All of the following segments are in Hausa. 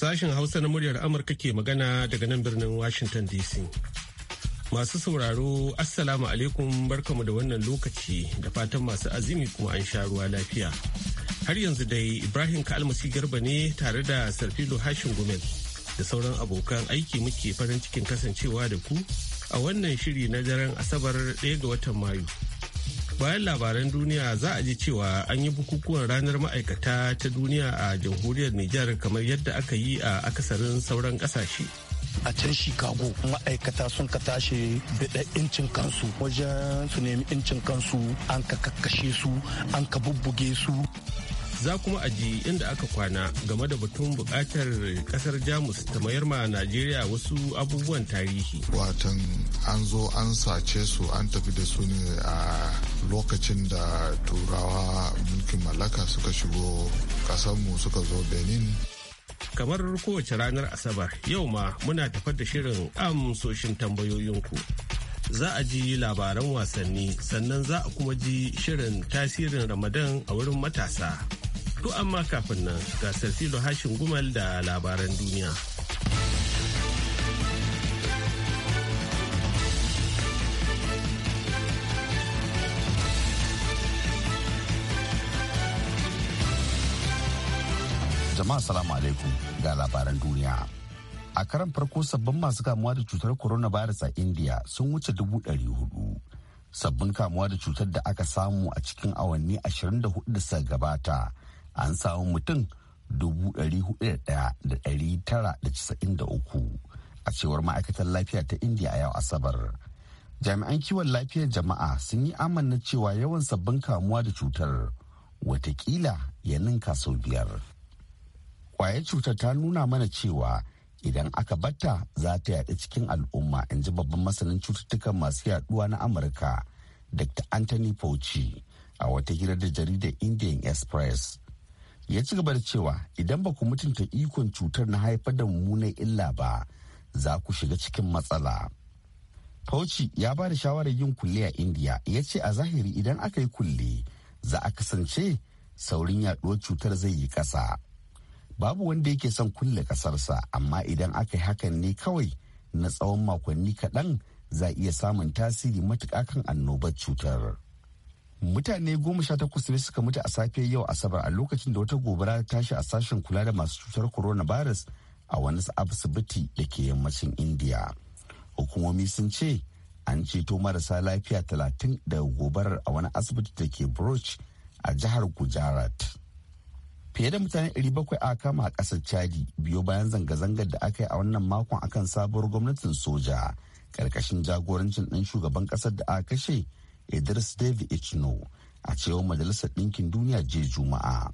Sashen Hausa na muryar Amurka ke magana daga nan birnin Washington DC. Masu sauraro, Assalamu alaikum barkamu da wannan lokaci da fatan masu azumi kuma an sha ruwa lafiya. Har yanzu dai Ibrahim Kalmasi Garba ne tare da Sarfilo Hashin Gumel da sauran abokan aiki muke farin cikin kasancewa da ku a wannan shiri na daren Asabar 1 ga watan Mayu. bayan labaran duniya za a ji cewa an yi bukukuwan ranar ma'aikata ta duniya a jamhuriyar Nijar kamar yadda aka yi a akasarin sauran kasashe. a can shikago ma'aikata sun ka tashi da incin kansu wajen su nemi incin kansu an ka kakkashe su an ka bubbuge su za kuma a ji inda aka kwana game da batun bukatar kasar jamus ta mayar ma najeriya wasu abubuwan tarihi watan an zo an sace su an tafi da su ne a lokacin da turawa mulkin mallaka suka shigo kasanmu suka zo benin kamar kowace ranar asabar yau ma muna tafar da shirin amsoshin tambayoyinku za a ji labaran wasanni sannan za a kuma ji shirin tasirin ramadan a wurin matasa To amma kafin nan ga Sarfilo Hashin Gumal da labaran duniya. Jama'a salamu alaikum ga labaran duniya. a karan farko sabbin masu kamuwa da cutar corona coronavirus a india sun wuce dubu ɗari hudu sabbin kamuwa da cutar da aka samu a cikin awanni 24 da suka gabata an samu mutum uku a cewar ma'aikatar lafiya ta indiya a yau asabar jami'an kiwon lafiyar jama'a sun yi amanna cewa yawan sabbin kamuwa da cutar watakila ya ninka sau biyar kwayar cutar ta nuna mana cewa idan aka batta za ta yaɗu cikin al'umma in ji babban masanin cututtukan masu yaɗuwa na amurka dr anthony fauci a wata hira da jaridar indian express ya ci gaba da cewa idan ba ku mutunta ikon cutar na haifar da mummunan illa ba za ku shiga cikin matsala fauci ya ba da shawarar yin kulle a indiya ya ce a zahiri idan aka yi kulle za a kasance saurin yaduwar cutar zai yi kasa babu wanda yake son kulle kasarsa amma idan aka yi hakan ne kawai na tsawon makonni kaɗan za a iya samun tasiri matuƙa kan annobar cutar. mutane goma sha takwas ne suka mutu a safiyar yau asabar a lokacin da wata gobara ta tashi a sashen kula da masu cutar coronavirus a wani asibiti da ke yammacin india hukumomi sun ce an ceto marasa lafiya talatin da gobarar a wani asibiti da ke broch a jihar gujarat fiye da mutane bakwai a kama a kasar chadi biyo bayan zanga-zangar da aka yi a wannan makon akan sabuwar gwamnatin soja ƙarƙashin jagorancin ɗan shugaban ƙasar da aka kashe idris david Echno a cewar majalisar ɗinkin duniya jiya juma'a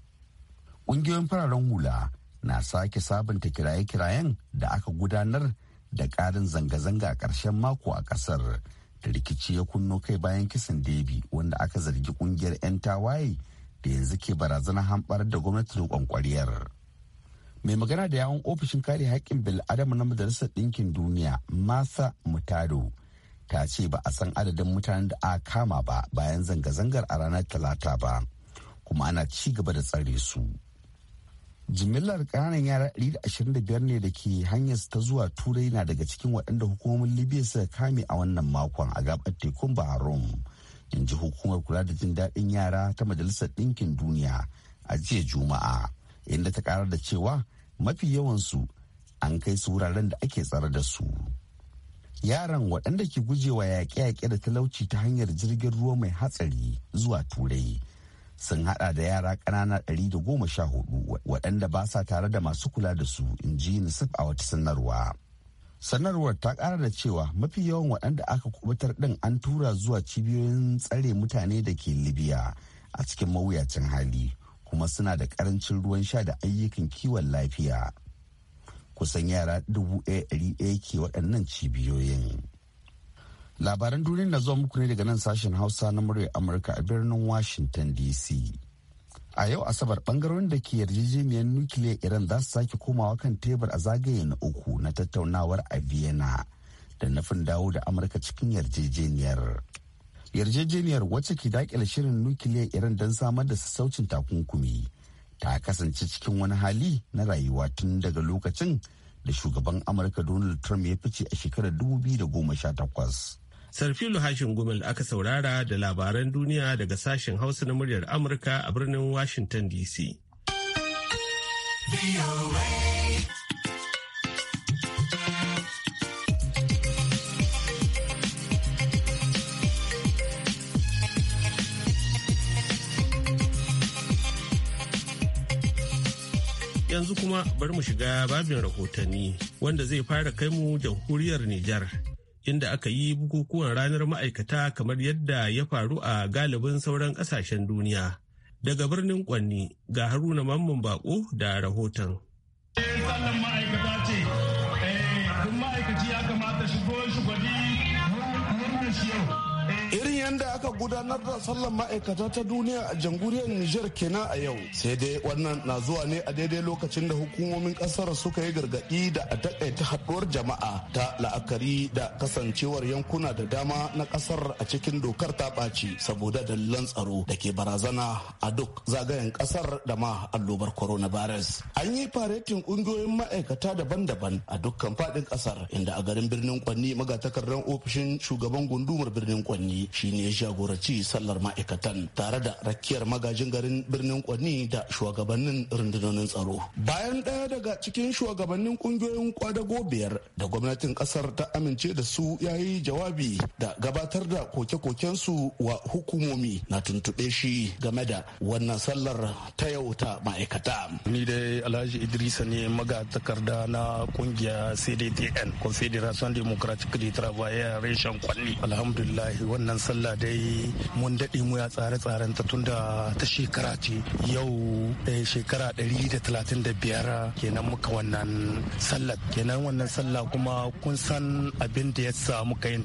ƙungiyoyin fararen hula na sake sabunta kiraye-kirayen da aka gudanar da ƙarin zanga-zanga a ƙarshen mako a ƙasar da rikici ya kunno kai bayan kisan debi wanda aka zargi ƙungiyar 'yan tawaye da yanzu ke barazana hamɓar da gwamnatin kwankwariyar. mai magana da yawon ofishin kare haƙƙin bil'adama na majalisar ɗinkin duniya masa mutado ta ce ba a san adadin mutanen da a kama ba bayan zanga-zangar a ranar talata ba kuma ana ci gaba da tsare su jimillar ƙananan yara 125 ne da ke hanyar ta zuwa turai na daga cikin waɗanda hukumomin libya suka kame a wannan makon a gabar tekun bahrain in ji hukumar kula da jin daɗin yara ta majalisar ɗinkin duniya a jiya juma'a inda ta ƙarar da cewa mafi yawansu an kai su wuraren da ake tsare da su. yaran waɗanda ke gujewa yaƙe-yaƙe da talauci ta hanyar jirgin ruwa mai hatsari zuwa turai sun hada da yara ƙanana 114 waɗanda ba sa tare da masu kula da su in ji nisif a wata sanarwa sanarwar ta ƙara da cewa mafi yawan waɗanda aka kubutar ɗin an tura zuwa cibiyoyin tsare mutane da ke libya a cikin mawuyacin hali kuma suna da ƙarancin ruwan sha da ayyukan kiwon lafiya. kusan yara dubu ɗaya ke waɗannan cibiyoyin. Labaran duniya na zuwa muku ne daga nan sashen Hausa na murya Amurka a birnin Washington DC. A yau Asabar ɓangarorin da ke yarjejeniyar nukiliya Iran za su sake komawa kan tebur a zagaye na uku na tattaunawar a Vienna da nufin dawo da Amurka cikin yarjejeniyar. Yarjejeniyar wacce ke dakile shirin nukiliya Iran don samar da sassaucin takunkumi ta kasance cikin wani hali na rayuwa tun daga lokacin da shugaban amurka donald trump ya fice a shekarar 2018 sarfilu luhashin gumel aka saurara da labaran duniya daga sashen hausa na muryar amurka a birnin washington dc yanzu kuma bari mu shiga babin rahotanni wanda zai fara kai mu jamhuriyar Nijar inda aka yi bukukuwan ranar ma'aikata kamar yadda ya faru a galibin sauran kasashen duniya. Daga birnin Kwanni ga Haruna Mamman Bako da rahoton. Eh, ma'aikata yadda aka gudanar da sallar ma'aikata ta duniya a jamhuriyar Nijar kenan a yau. Sai dai wannan na zuwa ne a daidai lokacin da hukumomin kasar suka yi gargaɗi da a takaita haɗuwar jama'a ta la'akari da kasancewar yankuna da dama na kasar a cikin dokar ta ɓaci saboda dalilan tsaro da ke barazana a duk zagayen kasar da ma allobar coronavirus. An yi faretin ƙungiyoyin ma'aikata daban-daban a dukkan faɗin kasar inda a garin birnin Kwanni magatakardan ofishin shugaban gundumar birnin Kwanni shi ne ya jagoranci sallar ma'aikatan tare da rakiyar magajin garin birnin kwani da shugabannin rundunonin tsaro. Bayan ɗaya daga cikin shugabannin kungiyoyin kwadago biyar da gwamnatin kasar ta amince da su ya yi jawabi da gabatar da koke koken su wa hukumomi na tuntuɓe shi game da wannan sallar ta yau ta ma'aikata. Ni dai Alhaji Idrisa ne magatakarda na kungiya CDTN Confederation Democratic de Travailleurs Reshen Kwanni. Alhamdulillah wannan sallar Allah dai mun daɗe mu ya tsare-tsaren ta tunda ta shekara ce yau eh, shekara ɗari da da talatin biyar kenan muka wannan sallar kenan wannan sallah kuma kun san abin da ya samu muka yin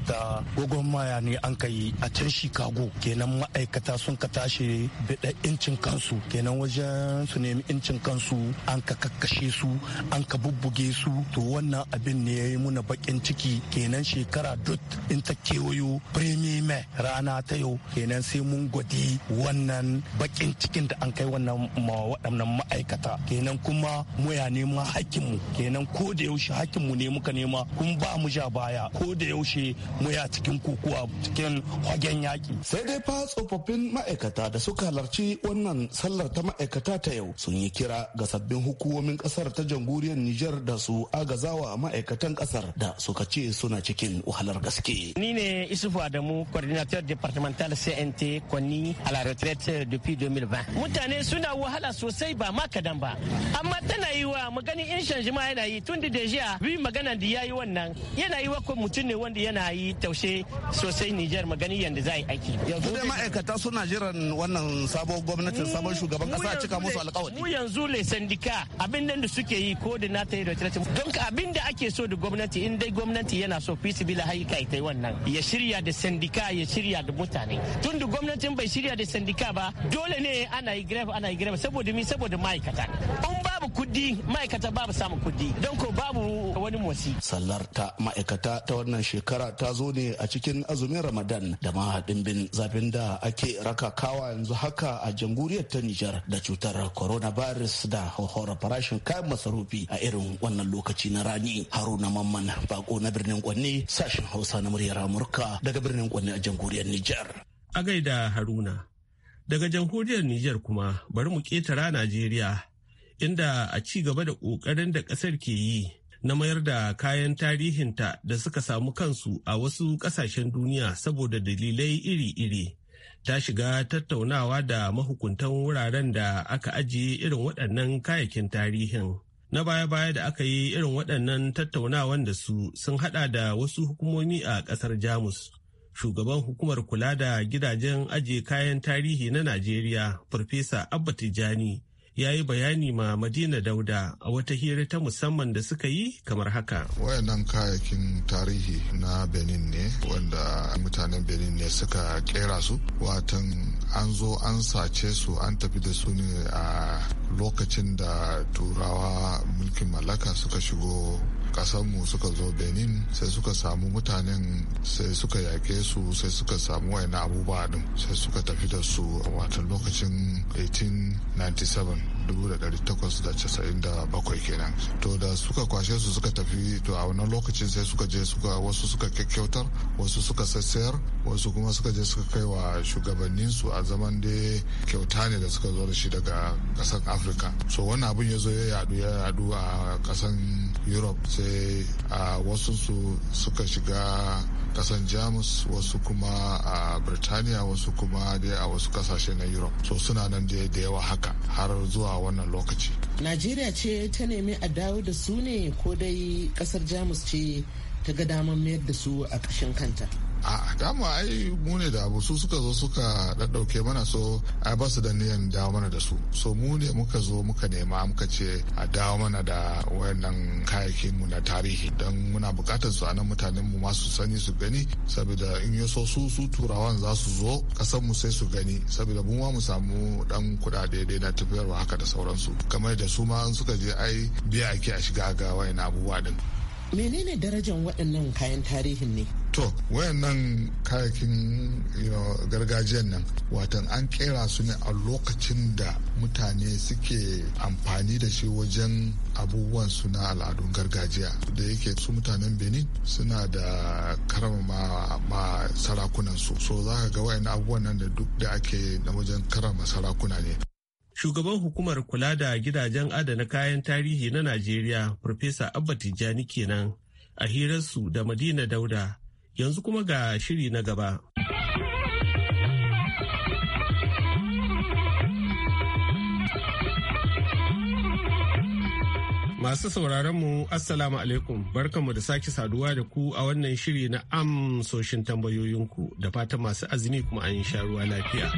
gogon maya ne an kai a can shikago kenan ma'aikata sun ka tashi bida incin kansu kenan wajen su nemi incin kansu an ka kakkashe su an ka bubbuge su to wannan abin ne ya yi muna bakin ciki kenan shekara dut in ta kewayo premier rana ta yau kenan sai mun gwadi wannan bakin cikin da an kai wannan ma waɗannan ma'aikata kenan kuma muya neman mu kenan ko da yaushe mu ne muka nema kun ba mu ja baya ko da yaushe muya cikin kokowa cikin hagen yaki. sai dai fa tsofaffin ma'aikata da suka halarci wannan sallar ta ma'aikata ta yau sun yi kira ga sabbin hukumomin kasar ta jamhuriyar Nijar da su agazawa ma'aikatan kasar da suka ce suna cikin wahalar gaske. Ni ne Isufu Adamu, coordinator directeur départemental CNT Kwani à la retraite depuis 2020. Mutane suna wahala sosai ba ma kadan ba. Amma tana yi wa magani in changement yana yi tun da deja bi magana da yayi wannan yana yi wa ko mutum ne wanda yana yi taushe sosai Niger magani yanda za yi aiki. Yanzu dai ma'aikata suna jiran wannan sabon gwamnatin sabon shugaban kasa a cika musu alƙawari. Mu yanzu le sindika abin da suke yi ko da na ta yi retreat. Don abin da ake so da gwamnati in dai gwamnati yana so fi sibila haika ita wannan ya shirya da sindika ya shirya shirya da mutane tun da gwamnatin bai shirya da sandika ba dole ne ana yi gref ana yi gref saboda mi saboda ma'aikata babu kuɗi ma'aikata babu samun kuɗi don ko babu wani motsi. Sallar ta ma'aikata ta wannan shekara ta zo ne a cikin azumin Ramadan da ma bin zafin da ake rakakawa yanzu haka a jamhuriyar ta Nijar da cutar coronavirus da hauhawar farashin kayan masarufi a irin wannan lokaci na rani. Haruna Mamman bako na birnin Kwanne sashen Hausa na muryar Amurka daga birnin Kwanne a jamhuriyar Nijar. A gaida Haruna. Daga jamhuriyar Nijar kuma bari mu ketara Najeriya inda a ci gaba da ƙoƙarin da ƙasar ke yi na mayar da kayan tarihinta da suka samu kansu a wasu ƙasashen duniya saboda dalilai iri-iri. Ta shiga tattaunawa da mahukuntan wuraren da aka ajiye irin waɗannan kayakin tarihin. Na baya-baya da aka yi irin waɗannan tattaunawan da su sun haɗa da wasu hukumomi a ƙasar Jamus. shugaban hukumar kula da gidajen ajiye kayan tarihi na Najeriya, Farfesa Abba Tijjani, ya yi bayani ma madina dauda a wata hira ta musamman da suka yi kamar haka wayannan kayakin tarihi na benin ne wanda mutanen benin ne suka kera su watan an zo an sace su an tafi da su ne a lokacin da turawa mulkin mallaka suka shigo kasanmu suka zo benin sai suka samu mutanen sai suka yake su sai suka samu wayan abubuwa din sai suka tafi da su a watan lokacin 1897 1897 kenan to da suka kwashe su suka tafi to a wannan lokacin sai suka je suka wasu suka kyakkyautar wasu suka sassayar wasu kuma suka je suka kai wa shugabannin su a zaman da kyauta ne da suka zo da shi daga kasar afirka so wannan abin ya zo ya yadu ya yadu a kasan europe sai a wasu su suka shiga kasan jamus wasu kuma a birtaniya wasu kuma dai a wasu kasashe na europe so suna nan dai da yawa haka har zuwa wannan lokaci najeriya ce ta nemi a dawo da su ne ko dai kasar jamus ce ta ga damar mayar da su a ƙashin kanta a dama ai mu ne da abu su suka zo suka ɗaɗɗauke mana so ai ba su da niyan dawo mana da su so mu ne muka zo muka nema muka ce a dawo mana da wayannan kayakin mu na tarihi don muna buƙatar su anan mutanen mu masu sani su gani saboda in yaso su su turawan za su zo kasan mu sai su gani saboda mu ma mu samu dan kudade dai na tafiyarwa haka da sauransu kamar da su ma in suka je ai biya ake a shiga ga wayannan abubuwa din menene darajar waɗannan kayan tarihin ne to wayannan kayakin gargajiyan nan watan an kera su ne a lokacin da mutane suke amfani da shi wajen abubuwan su na al'adun gargajiya da yake su mutanen benin suna da karama ma sarakunan su so za ka ga wayan abubuwan nan da duk da ake na wajen karama sarakuna ne shugaban hukumar kula da gidajen adana kayan tarihi na najeriya Profesa abba tijjani kenan a hirarsu da madina dauda yanzu kuma ga shiri na gaba Masu sauraronmu Assalamu alaikum barkanmu da sake saduwa da ku a wannan shiri na amsoshin tambayoyinku da fatan masu azumi kuma an sha ruwa lafiya.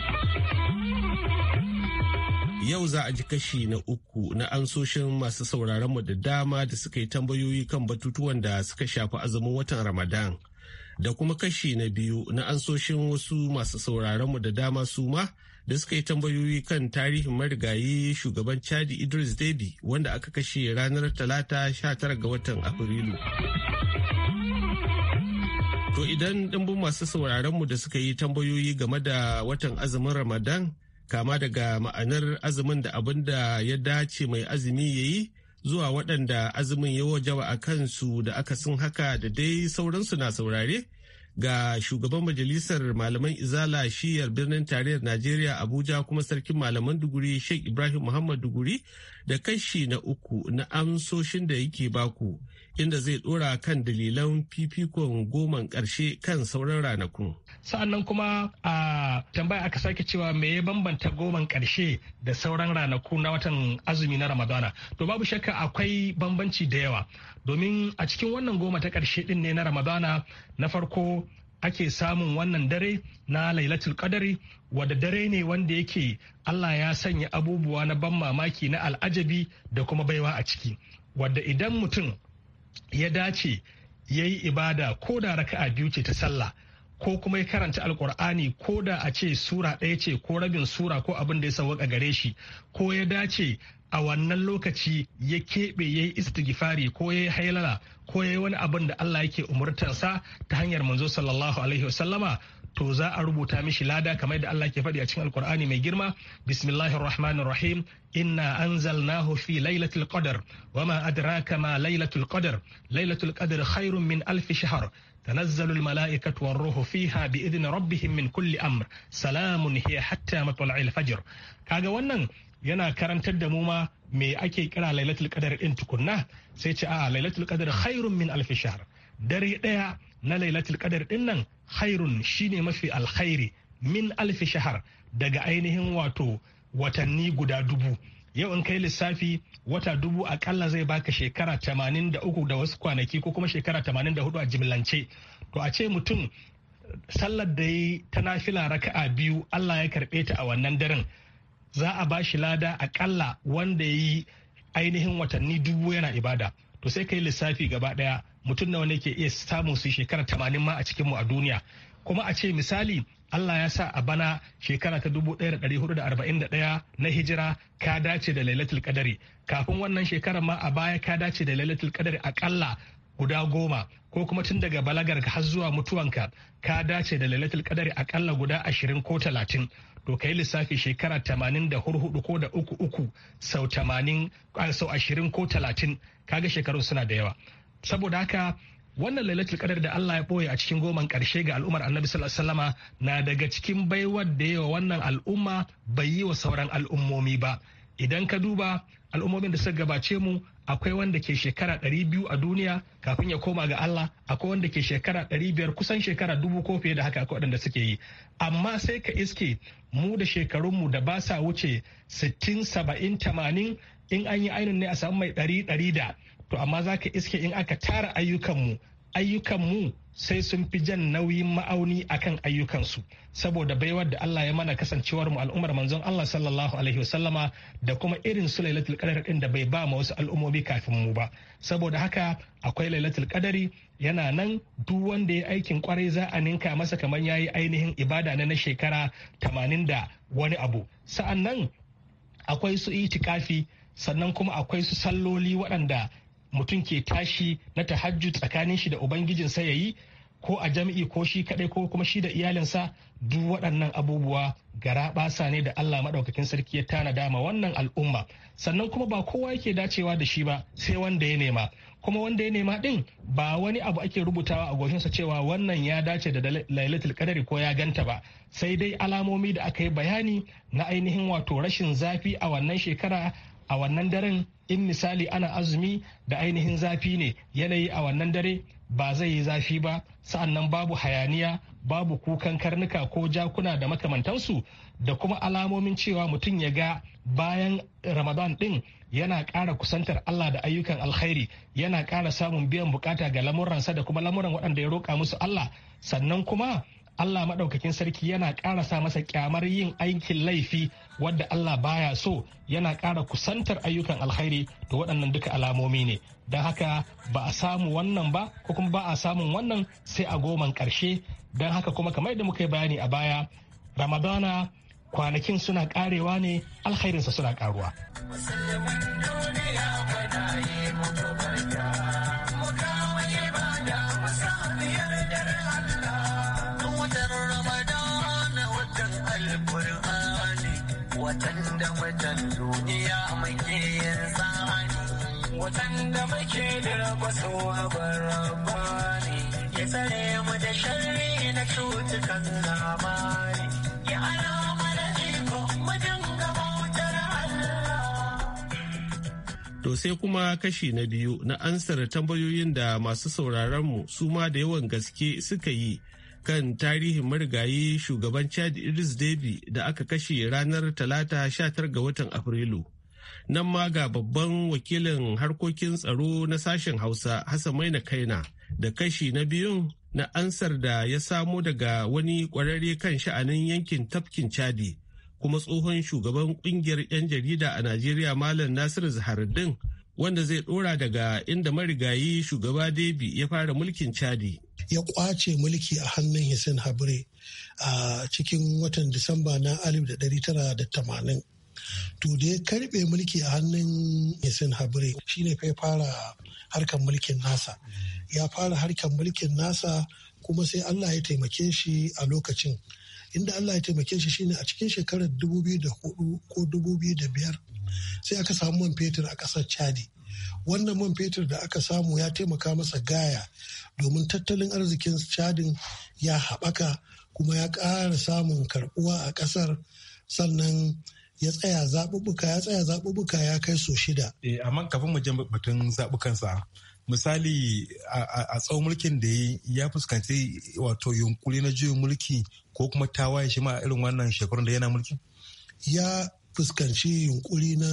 Yau za a ji kashi na uku na ansoshin masu sauraronmu da dama da suka yi tambayoyi kan batutuwan da suka shafi azumin watan Ramadan. Da kuma kashi na biyu na ansoshin wasu masu sauraronmu da dama su ma da suka yi tambayoyi kan tarihin marigayi shugaban Chadi Idris Deby wanda aka kashe ranar Talata sha tara ga watan Afrilu. To idan ɗimbin masu sauraronmu da suka yi tambayoyi game da watan azumin Ramadan kama daga ma'anar azumin da abin da ya dace mai azumi ya yi zuwa waɗanda azumin ya wajaba a kansu da aka sun haka da dai sauransu na saurare ga shugaban majalisar malaman izala shiyar birnin tarayyar najeriya abuja kuma sarkin malaman duguri sheikh ibrahim muhammad duguri da kashi na uku na amsoshin da yake baku inda zai dora kan dalilan fifikon goman ƙarshe kan sauran ranakun. sa'annan kuma a tambaya aka sake cewa me ya bambanta goman ƙarshe da sauran ranaku na watan azumi na ramadana to babu shakka akwai bambanci da yawa domin a cikin wannan goma ta ƙarshe din ne na ramadana na farko ake samun wannan dare na lailatul kadari wadda dare ne wanda yake Allah ya sanya abubuwa na ban mamaki na al'ajabi da kuma baiwa a ciki wadda idan mutum ya dace ya yi ibada ko da raka'a biyu ce ta sallah ko kuma ya karanta alkur'ani ko da a ce sura ɗaya ce ko rabin sura ko abin da ya sauwaka gare shi ko ya dace a wannan lokaci ya keɓe ya yi istighfari ko ya yi hailala ko ya yi wani abin da Allah yake umurtansa ta hanyar manzo sallallahu alaihi wasallama to za a rubuta mishi lada kamar da Allah ke faɗi a cikin alkur'ani mai girma bismillahir rahmanir rahim inna anzalnahu fi lailatul qadar wama adraka ma lailatul qadar lailatul qadar khairun min alf shahr تنزل الملائكة والروح فيها بإذن ربهم من كل أمر سلام هي حتى مطلع الفجر كاغا ونن ينا karantar da mu ma me ake kira lailatul qadar in tukunna sai ce a lailatul qadar khairun min alf shahr na lailatul qadar din nan khairun shine mafi alkhairi min alfi shahar daga ainihin wato watanni guda dubu yau in kai lissafi wata dubu akalla zai baka shekara tamanin da wasu kwanaki ko kuma shekara tamanin da a jimlance to a ce mutum sallar da yi ta nafila raka'a biyu allah ya karbe ta a wannan daren za a ba shi lada akalla wanda ya yi ainihin watanni dubu yana ibada to sai kai lissafi gaba daya mutum nawa ne ke iya samun su shekara tamanin ma a cikin mu a duniya kuma a ce misali Allah ya sa a bana shekara ta dubu da da hudu arba'in 1441 na hijira ka dace da lailatul kadari kafin wannan shekarar ma a baya ka dace da lailatul kadari akalla guda goma ko kuma tun daga balagar har zuwa mutuwanka ka dace da lailatul kadari akalla guda ashirin ko talatin to ka yi lissafi shekara tamanin da hurhudu ko da uku uku sau tamanin sau ashirin ko talatin kaga shekaru suna da yawa saboda haka wannan lailatul kadar da Allah ya boye a cikin goman karshe ga al'ummar Annabi sallallahu alaihi wasallama na daga cikin baiwar da yawa wannan al'umma bai yi wa sauran al'ummomi ba idan ka duba al'ummomin da suka gabace mu akwai wanda ke shekara 200 a duniya kafin ya koma ga Allah akwai wanda ke shekara 500 kusan shekara dubu ko fiye da haka akwai waɗanda suke yi amma sai ka iske mu da shekarunmu da ba sa wuce 60 70 80 in an yi ainin ne a samu mai 100 100 da to amma za ka iske in aka tara ayyukanmu ayyukanmu sai sun fi jan nauyin ma'auni akan ayyukansu saboda baiwar da Allah ya mana kasancewar mu al'ummar manzon Allah sallallahu alaihi wasallama da kuma irin su lailatul qadar din da bai ba ma wasu al'ummomi kafin mu ba saboda haka akwai lailatul qadari yana nan duk wanda ya aikin kwarai za a ninka masa kamar yayi ainihin ibada na na shekara 80 da wani abu nan akwai su itikafi sannan kuma akwai su salloli waɗanda mutum ke tashi na tahajju tsakanin shi da ubangijin ya yi ko a jami'i ko shi kadai ko kuma shi da iyalinsa duk waɗannan abubuwa gara basa ne da Allah maɗaukakin sarki ya tana dama wannan al'umma sannan kuma ba kowa yake dacewa da shi ba sai wanda ya nema kuma wanda ya nema din ba wani abu ake rubutawa a goshinsa cewa wannan ya dace da lailatul kadari ko ya ganta ba sai dai alamomi da aka yi bayani na ainihin wato rashin zafi a wannan shekara a wannan daren in misali ana azumi da ainihin zafi ne yanayi a wannan dare ba zai yi zafi ba sa'annan babu hayaniya babu kukan karnuka ko jakuna da makamantansu da kuma alamomin cewa mutum ya ga bayan ramadan din yana ƙara kusantar allah da ayyukan alkhairi yana ƙara samun biyan bukata ga lamuransa da kuma lamuran waɗanda ya roƙa musu allah sannan kuma allah maɗaukakin sarki yana ƙara sa masa kyamar yin aikin laifi wadda Allah baya so yana ƙara kusantar ayyukan alkhairi da waɗannan duka alamomi ne don haka ba a samu wannan ba ko kuma ba a samun wannan sai a goman ƙarshe don haka kuma kamar da muka yi bayani a baya ramadana kwanakin suna ƙarewa ne alkhairinsa suna ƙaruwa. watan da watan duniya muke yin sahani watan da muke dirba so a barabani ya tsare mu da sharri na cutukan zamani ya alama da jiko mu dinga bautar Allah. To sai kuma kashi na biyu na ansar tambayoyin da masu sauraron mu su ma da yawan gaske suka yi kan tarihin marigayi shugaban chad idris deby da aka kashe ranar talata 19 ga watan afrilu nan ma ga babban wakilin harkokin tsaro na sashen hausa hassan maina kaina da kashi na biyun na ansar da ya samo daga wani kwararre kan sha'anin yankin tafkin chadi kuma tsohon shugaban kungiyar 'yan jarida a najeriya malam nasiru zaharuddin wanda zai dora daga inda marigayi shugaba debi ya fara mulkin chadi ya kwace mulki a hannun Hussein Habre a cikin watan Disamba na 1980. To da ya karbe mulki a hannun Hussein Habre shine ya fara harkar mulkin nasa. Ya fara harkar mulkin nasa kuma sai Allah ya taimake shi a lokacin. Inda Allah ya taimake shi shine a cikin shekarar 2004 ko 2005 sai aka samu man fetur a ƙasar Chadi. wannan man fetur da aka samu ya taimaka masa gaya domin tattalin arzikin chadin ya haɓaka kuma ya ƙara samun karɓuwa a ƙasar sannan ya tsaya zaɓuɓɓuka ya tsaya zaɓuɓɓuka ya kai so shida. Eh, amma kafin mu jan batun zaɓukansa misali a tsawon mulkin da ya fuskanci wato yunkuri na juyin mulki ko kuma tawaye shi ma irin wannan shekarun da yana mulki? Ya fuskanci yunkuri na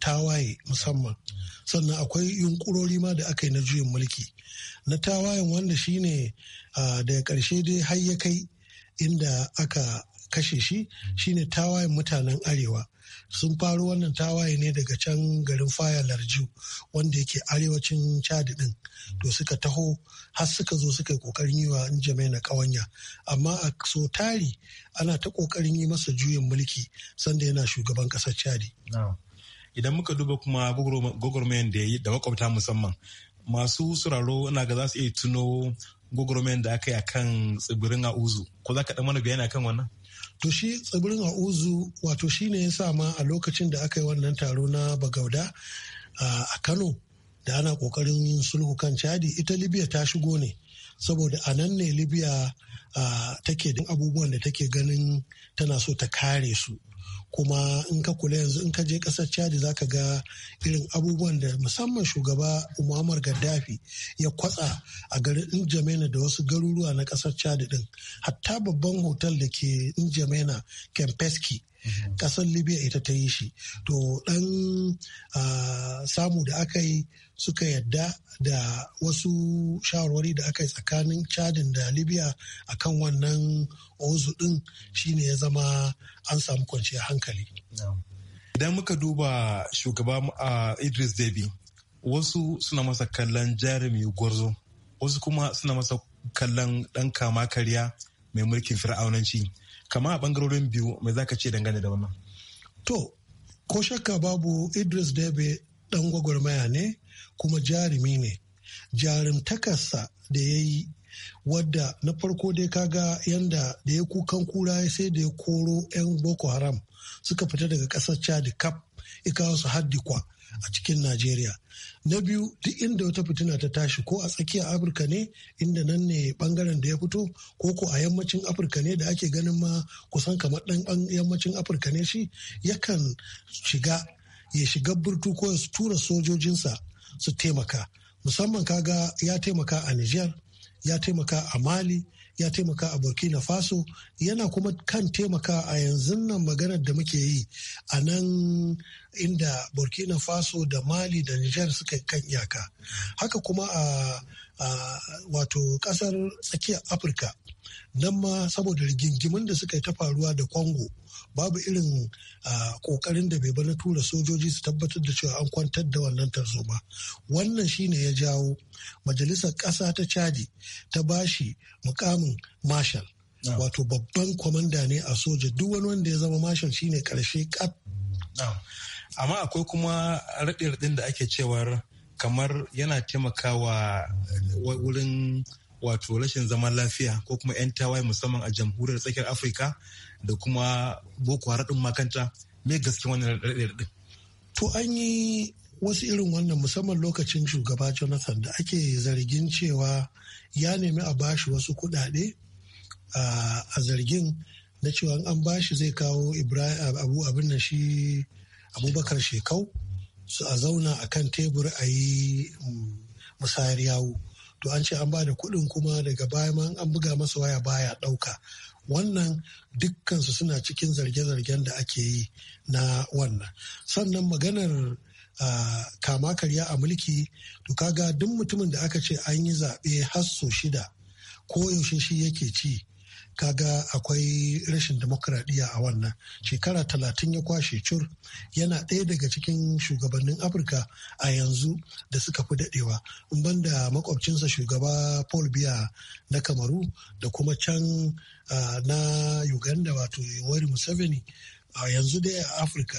tawaye musamman sannan akwai yunkurori ma da aka yi na juyin mulki na tawayen wanda shine daga ƙarshe dai har ya kai inda aka kashe shi shine tawayen mutanen arewa sun faru wannan tawaye ne daga can garin faya larju wanda yake arewacin chad din to suka taho har suka zo suka yi kokarin yi wa na kawanya amma a so tari ana ta kokarin yi masa juyin mulki sanda yana shugaban kasar chad idan muka duba kuma gwagwarmayan da ya yi da makwabta musamman masu suraro ina ga za su iya tuno gwagwarmayan da aka yi akan tsibirin uzu ko za ka ɗan mana bayani kan wannan to shi tsibirin uzu wato shi ne ya sa ma a lokacin da aka yi wannan taro na bagauda a kano da ana kokarin yin sulhu kan chadi ita libya ta shigo ne saboda a nan ne libya take da abubuwan da take ganin tana so ta kare su kuma in ka kula yanzu in ka je kasar chadi ka ga irin abubuwan da musamman shugaba muammar gaddafi ya kwatsa a garin injamena da wasu garuruwa na kasar chadi din hatta babban hotel da ke jamena kempeski kasar libya ita ta yi shi to dan samu da aka yi suka yadda da wasu shawarwari da aka yi tsakanin chadin da libya kan wannan ozu din shine ya zama an samu kwanciyar hankali idan muka duba shugaba idris debi wasu suna masa kallon jarumi gwarzo wasu kuma suna masa kallon dan kama karya mai mulkin fir'aunanci kama a bangarorin biyu mai zaka ce dangane da wannan to ko shakka babu idris debe dan gwagwarmaya ne kuma jarumi ne jarumtakarsa da ya yi wadda na farko dai kaga yanda da ya kukan kura sai da ya koro 'yan boko haram suka fita daga ƙasar chad kap ikawa su haddikwa a cikin Najeriya. Na biyu duk inda wata fitina ta tashi ko a tsakiyar Afirka ne inda nan ne bangaren da ya fito ko ko a yammacin Afirka ne da ake ganin ma kusan kamar ɗan yammacin Afirka ne shi yakan shiga ya shiga burtu ko ya tura sojojinsa su taimaka. Musamman kaga ya taimaka a Nijar, ya taimaka a Mali, ya taimaka a burkina faso yana kuma kan taimaka a yanzu nan maganar da muke yi a nan inda burkina faso da mali da niger suka kan iyaka haka kuma a a wato kasar tsakiyar afirka nan ma saboda rigingimin da suka yi ta faruwa da kwango babu irin kokarin da bai na tura sojoji su tabbatar da cewa an kwantar da wannan tarzoma wannan shine ya jawo majalisar ƙasa ta Cadi ta bashi mukamin marshal wato babban kwamanda ne a soja duk wani wanda ya zama marshal shine ƙarshe kat amma akwai kuma raɗe-raɗin da ake cewar kamar yana taimakawa wurin wato rashin zaman lafiya ko kuma 'yan tawaye musamman a jamhuriyar tsakiyar afirka da kuma boko haraɗin makanta mai gaske wannan raɗaɗin to an yi wasu irin wannan musamman lokacin shugaba jonathan da ake zargin cewa ya nemi a bashi wasu kuɗaɗe a zargin na cewa an bashi zai kawo abu abin shi abubakar shekau su a zauna a kan tebur a yi mm, musayar yawo to an ce an ba da kuɗin kuma daga baya ma an buga masa waya baya ɗauka wannan dukkansu suna cikin zarge-zargen da ake yi na wannan sannan maganar kama karya a mulki to kaga duk mutumin da aka ce an yi zaɓe har so shida ko yaushe shi yake ci kaga akwai rashin demokradiyya a wannan shekara talatin ya kwashe cur yana ɗaya daga cikin shugabannin afirka a yanzu da suka fi daɗewa in banda makwabcinsa shugaba paul biya na kamaru da kuma can na uganda wato wari museveni a yanzu dai a afirka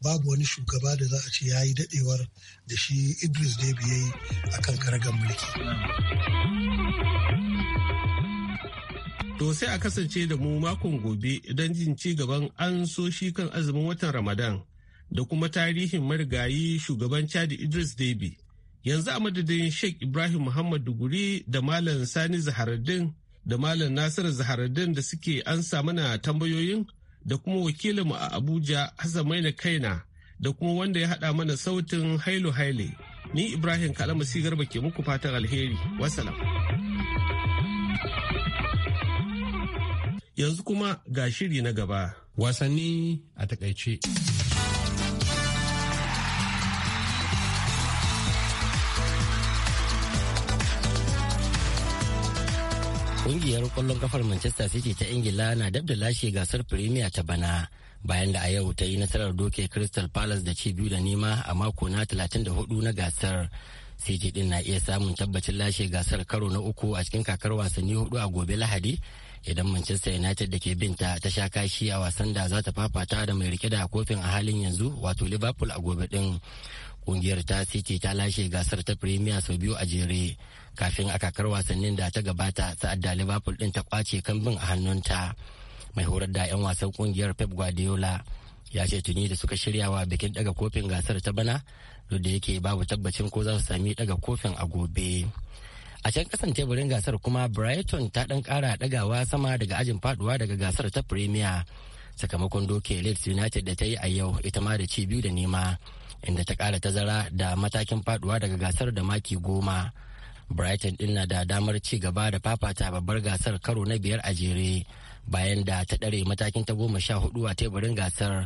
babu wani shugaba da za a ce ya yi daɗewar da shi idris debi ya yi a kan karagar mulki To sai a kasance da mu makon gobe don jin ci gaban an so shi kan azumin watan Ramadan da kuma tarihin marigayi shugaban Chadi Idris Deby. Yanzu a madadin Sheikh Ibrahim Muhammad Duguri da Malam Sani Zaharaddin da Malam Nasiru Zaharaddin da suke ansa mana tambayoyin da kuma wakilinmu a Abuja Hassan Maina Kaina da kuma wanda ya haɗa mana sautin Hailu Haile. Ni Ibrahim Kalamu Garba ke muku fatan alheri. Wassalam. Yanzu kuma ga shiri na gaba. Wasanni a takaice. Ƙungiyar ƙwallon kafar Manchester City ta Ingila na dab da lashe gasar Premier ta bana bayan da a yau ta yi nasarar doke Crystal Palace da ci biyu da nema a mako na 34 na gasar. City din na iya samun tabbacin lashe gasar karo na uku a cikin kakar wasanni hudu a gobe Lahadi idan manchester united da ke binta ta sha kashi a wasan da za ta fafata da mai rike da kofin a halin yanzu wato liverpool a gobe din kungiyar ta city ta lashe gasar ta premier sau biyu a jere kafin a kakar wasannin da ta gabata sa'ad da liverpool din ta kwace kambin a hannunta mai horar da 'yan wasan kungiyar pep guardiola ya ce tuni da suka shirya wa bikin daga kofin gasar ta bana duk da yake babu tabbacin ko za su sami daga kofin a gobe. a can kasan teburin gasar kuma brighton ta ɗan kara ɗagawa sama daga ajin faduwa daga gasar ta premier sakamakon doke leeds united da ta yi a yau ita ma da ci biyu da nema inda ta kara tazara da matakin faduwa daga gasar da maki goma brighton din na da damar ci gaba da fafata babbar gasar karo na biyar a jere bayan da ta dare matakin ta goma sha hudu a teburin gasar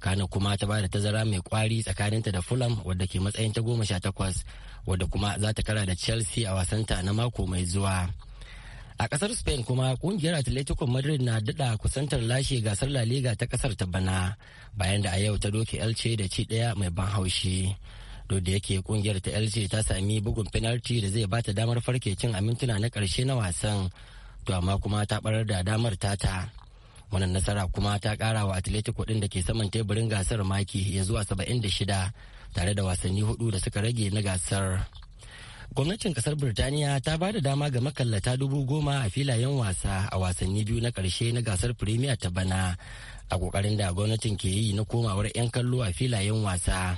Kano kuma ta bada tazara mai kwari tsakaninta da Fulham wadda ke matsayin ta goma sha takwas wadda kuma za ta kara da Chelsea a wasanta na mako mai zuwa. A kasar Spain kuma kungiyar Atletico Madrid na dada kusantar lashe gasar La Liga ta kasar ta bana bayan da a yau ta doke Elche da ci daya mai ban haushi. Duk da yake kungiyar ta Elche ta sami bugun penalty da zai bata damar farke cin amintuna na karshe na wasan. To amma kuma ta barar da damar tata. wannan nasara kuma ta kara wa atletico din da ke saman teburin gasar maki ya zuwa 76 tare da wasanni hudu da suka rage na gasar gwamnatin kasar birtaniya ta ba da dama ga makallata dubu goma a filayen wasa a wasanni biyu na karshe na gasar premier ta bana a kokarin da gwamnatin ke yi na komawar 'yan kallo a filayen wasa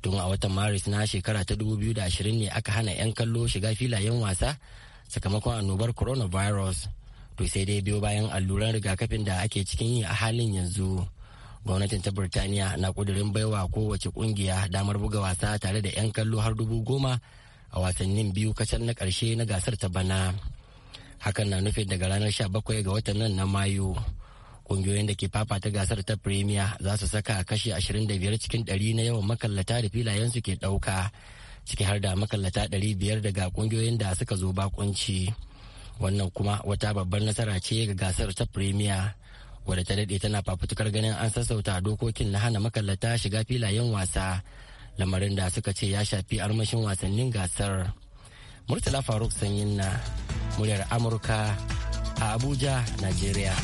tun a watan maris na shekara ta dubu biyu da ashirin ne aka hana 'yan kallo shiga filayen wasa sakamakon annobar coronavirus to sai dai biyo bayan alluran rigakafin da ake cikin yi a halin yanzu gwamnatin ta burtaniya na kudurin baiwa kowace kungiya damar buga wasa tare da 'yan kallo har dubu goma a wasannin biyu kacal na karshe na gasar ta bana hakan na nufin daga ranar 17 ga watan nan na mayu kungiyoyin da ke fafata gasar ta premia za su saka kashi 25 cikin 100 na yawan makallata da filayen su ke ɗauka ciki har da makallata 500 daga kungiyoyin da suka zo bakunci wannan kuma wata babbar nasara ce ga gasar ta premier wadda ta daɗe tana fafutukar ganin an sassauta dokokin na hana makallata shiga filayen wasa lamarin da suka ce ya shafi armashin wasannin gasar murtala faruk sanyin na muryar amurka a abuja nigeria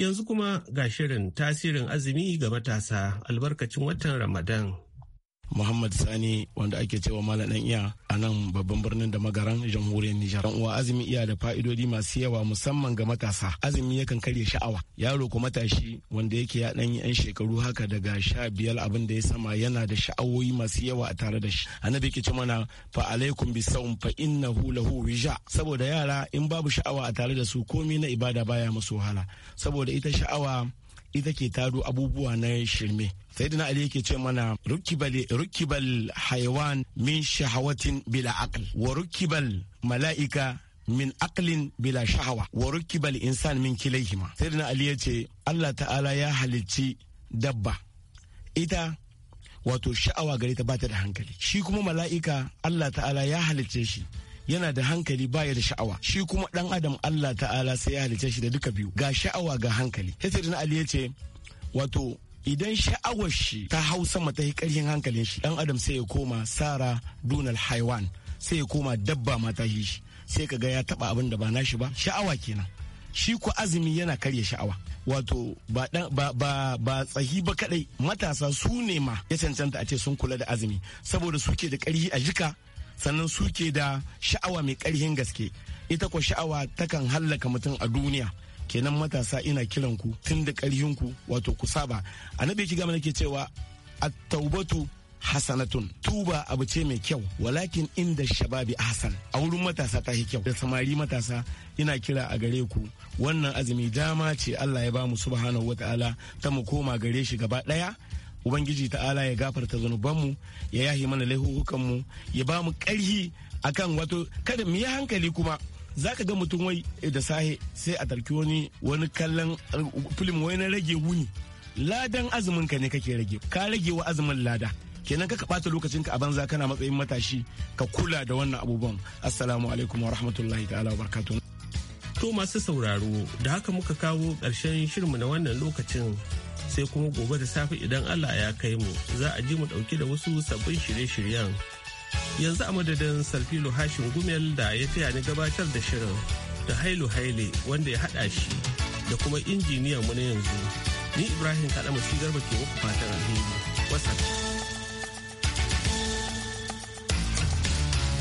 yanzu kuma ga shirin tasirin azumi ga matasa albarkacin watan ramadan muhammad sani wanda ake cewa malam dan iya a nan babban birnin da magaran jamhuriyar nijar uwa azumi iya da fa'idodi masu yawa musamman ga matasa azumi yakan karya sha'awa yaro ko matashi wanda yake ya ɗan yan shekaru haka daga sha biyar abin da ya sama yana da sha'awoyi masu yawa a tare da shi annabi ke ce mana fa alaikum bi sawm fa innahu lahu wija saboda yara in babu sha'awa a tare da su komai na ibada baya musu wahala saboda ita sha'awa ita ke taro abubuwa na shirme sayyidina ali yake ce mana rukibal rukibal haiwan min shahawatin bila aql wa rukibal mala'ika min aklin bila shahawa wa rukibal insan min kilayhima sayyidina ali ya ce Allah ta'ala ya halicci dabba ita wato sha'awa gare ta bata da hankali shi kuma mala'ika Allah ta'ala ya halicce shi yana da hankali baya da sha'awa shi kuma dan adam Allah ta'ala sai ya halice shi da duka biyu ga sha'awa ga hankali na ali ya ce wato idan sha'awar shi ta hau sama ta yi ƙarfin hankalin shi dan adam sai ya koma sara dunal haiwan sai ya koma dabba mata shi sai ka ga ya taba abin da ba nashi ba sha'awa kenan shi ko azumi yana karya sha'awa wato ba ba ba ba tsahi ba kadai matasa su ne ma ya cancanta a ce sun kula da azumi saboda suke da karhi a jika sannan suke da sha'awa mai ƙarhin gaske ita ko sha'awa takan hallaka mutum a duniya kenan matasa ina kiran ku tun da ƙarhin ku wato ku saba na ki gama nake cewa a taubatu hasanatun tuba abu ce mai kyau walakin inda shababi hasan a wurin matasa ta yi kyau da samari matasa ina kira a gare ku wannan azumi dama ce Allah ya ba mu subhanahu wataala ta mu koma gare shi gaba daya ubangiji ta'ala ya gafarta zunubanmu ya yahi mana laihukanmu ya ba mu karhi akan wato kada mu yi hankali kuma za ka ga mutum wai da sahe sai a tarki wani wani kallon film wai na rage wuni ladan azumin ka ne kake rage ka rage wa azumin lada kenan ka bata lokacinka a banza kana matsayin matashi ka kula da wannan abubuwan assalamu alaikum wa rahmatullahi ta'ala wa barakatuh to masu sauraro da haka muka kawo ƙarshen shirmu na wannan lokacin sai kuma gobe da safe idan Allah ya kai mu za a ji mu dauke da wasu sabbin shirye-shiryen. Yanzu a madadin Salfilo Hashin Gumel da ya taya ni gabatar da shirin da Hailu Haile wanda ya haɗa shi da kuma injiniyan mu na yanzu. Ni Ibrahim Kaɗa Garba ke muku fatan alheri. Wasan.